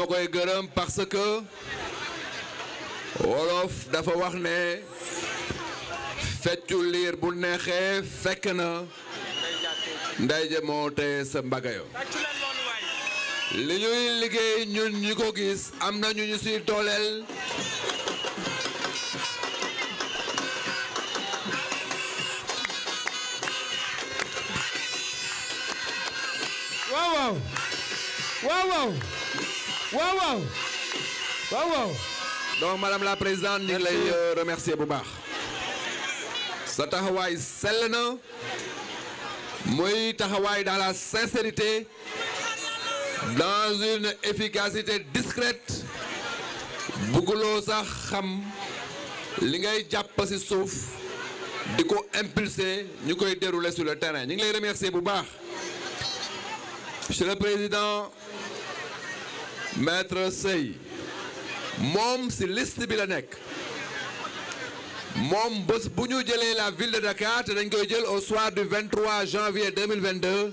dama koy gërëm parce que wolof dafa wax ne feccu liir bu neexee fekk na nday ja moo teye sa mbagayo li ñuy liggéey ñun ñi ko gis am na ñu ñu siy dooleel waaw waaw waaw waaw waaw waaw. madame la président ñu ngi lay euh, remercier bu baax. sa taxawaay sell na. mooy taxawaay dans la sincérité. dans une efficacité discrète. bugguloo sax xam. li ngay jàpp ci suuf. di ko impulser ñu koy dérouler sur terrain ñu ngi lay remercier bu baax. monsieur le président. maître Sey moom ci liste bi la nekk moom bés bu ñu jëlee la ville de Dakar te dañ koy jël au soir du 23 janvier 2022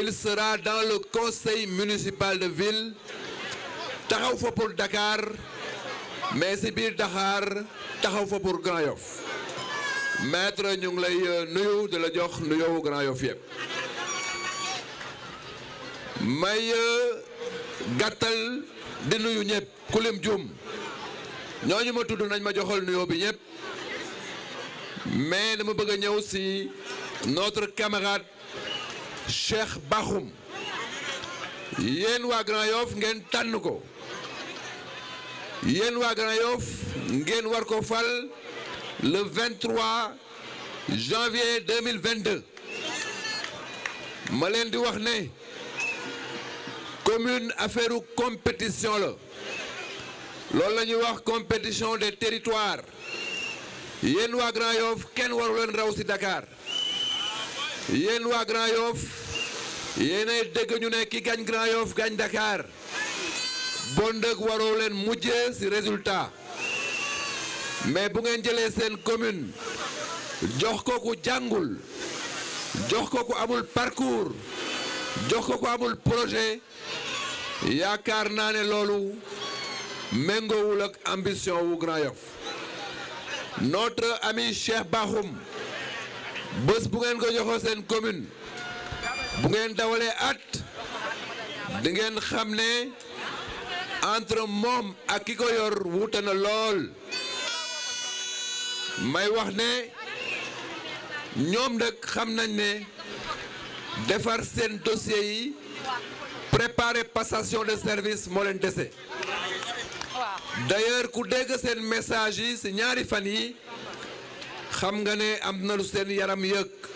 il sera dans le conseil municipal de ville taxaw fa pour Dakar mais ci biir Dakar taxaw fa pour Grand Yoff maître ñu ngi lay euh, nuyu di la jox nuyoowu Grand Yoff yëpp may euh, gàttal di nuyu ñëpp kulim juum ñooñu ma tudd nañ ma joxal nuyoo bi ñëpp mais dama bëgg a ñëw si notre camarade Cheikh Bakhoum yéen waa Grand Yoff ngeen tànn ko yéen waa Grand Yoff ngeen war ko fal le 23 janvier 2022 ma leen di wax ne. commune affaire compétition la loolu la wax compétition des territoires yéen waa Grand Yoff kenn waru raw ci Dakar yéen waa Grand Yoff yéenay dégg ñu ne ki gañ Grand Yoff gañ Dakar bon dëgg waroo leen ci résultat mais bu ngeen jëlee seen commune jox kooku jàngul jox kooku amul parcours. jox ko ko amul projet yaakaar naa ne loolu méngoowul ak ambition wu Grand Yoff notre ami Cheikh Bakhoum bés bu ngeen ko joxoo seen commune bu ngeen dawalee at di ngeen xam ne entre moom ak ki ko yor wuute na lool may wax ne ñoom nag xam nañ ne defar seen dossier yi préparer passation de service moo leen dese d'ailleurs ku dégg seen message yi ci ñaari fan yi xam nga ne am na lu seen yaram yëg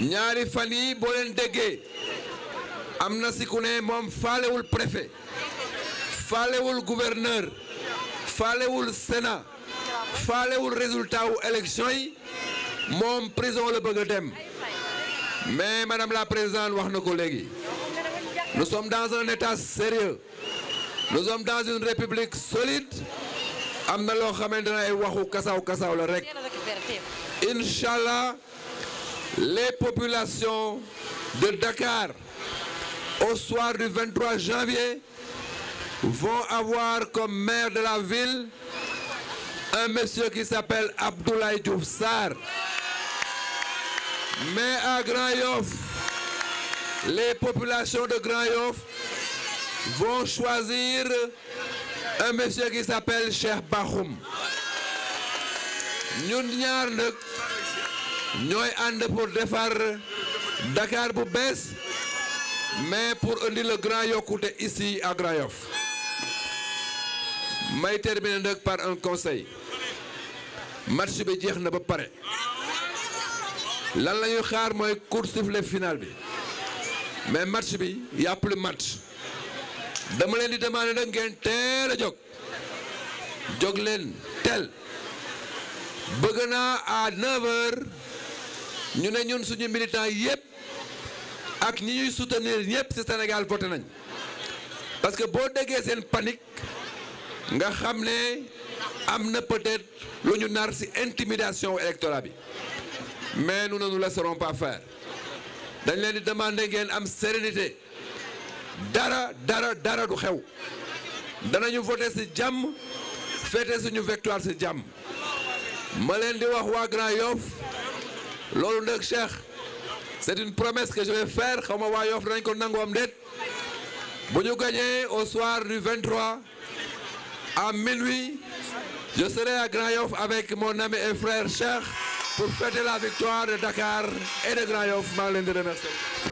ñaari fan yi boo leen déggee am na si ku ne moom faalewul préfet faalewul gouverneur faalewul sénat faalewul résultat wu élection yi moom prison la bëgg dem mais madame la présidente wax na ko léegi nous sommes dans un état sérieux nous sommes dans une république solide am na loo xamante ne ay waxu kasaw kasaw la rek incha allah les populations de Dakar au soir du 23 janvier vont avoir comme maire de la ville un monsieur qui s'appelle Abdoulaye Diouf Mais à Grand Yoff, les populations de Grand Yoff vont choisir un monsieur qui s'appelle Cheikh Bakhoum ñun ñaar nag ñooy ànd pour defar Dakar bu bees mais pour indi la grand yokkute ici à Grand Yoff may terminer nag par un conseil match bi jeex na ba pare lan la ñuy xaar mooy court sifflet final bi mais match bi yàpp a plus match dama leen di demander nag ngeen teel a jog jog leen teel bëgg naa à 9 ñu ne ñun suñu militants yépp ak ñi ñuy soutenir ñépp ci Sénégal voté nañ parce que boo déggee seen panik nga xam ne am na peut-être lu ñu nar ci intimidation électorale bi. mais nu ne nous laisserons pas faire dañ leen di demander ngeen am sérénité dara dara dara du xew danañu voté ci jàmm féete suñu victoire ci jàmm ma leen di wax waa Grand Yoff loolu nag Cheikh c'est une promesse que je vais faire xaw ma waa Yoff danañ ko nangu am déet bu ñu gagné au soir du 23 à minuit je serai à Grand Yoff avec mon ami et frère Cheikh pour fêter la victoire de Dakar et de Grand Yoff maa ngi leen di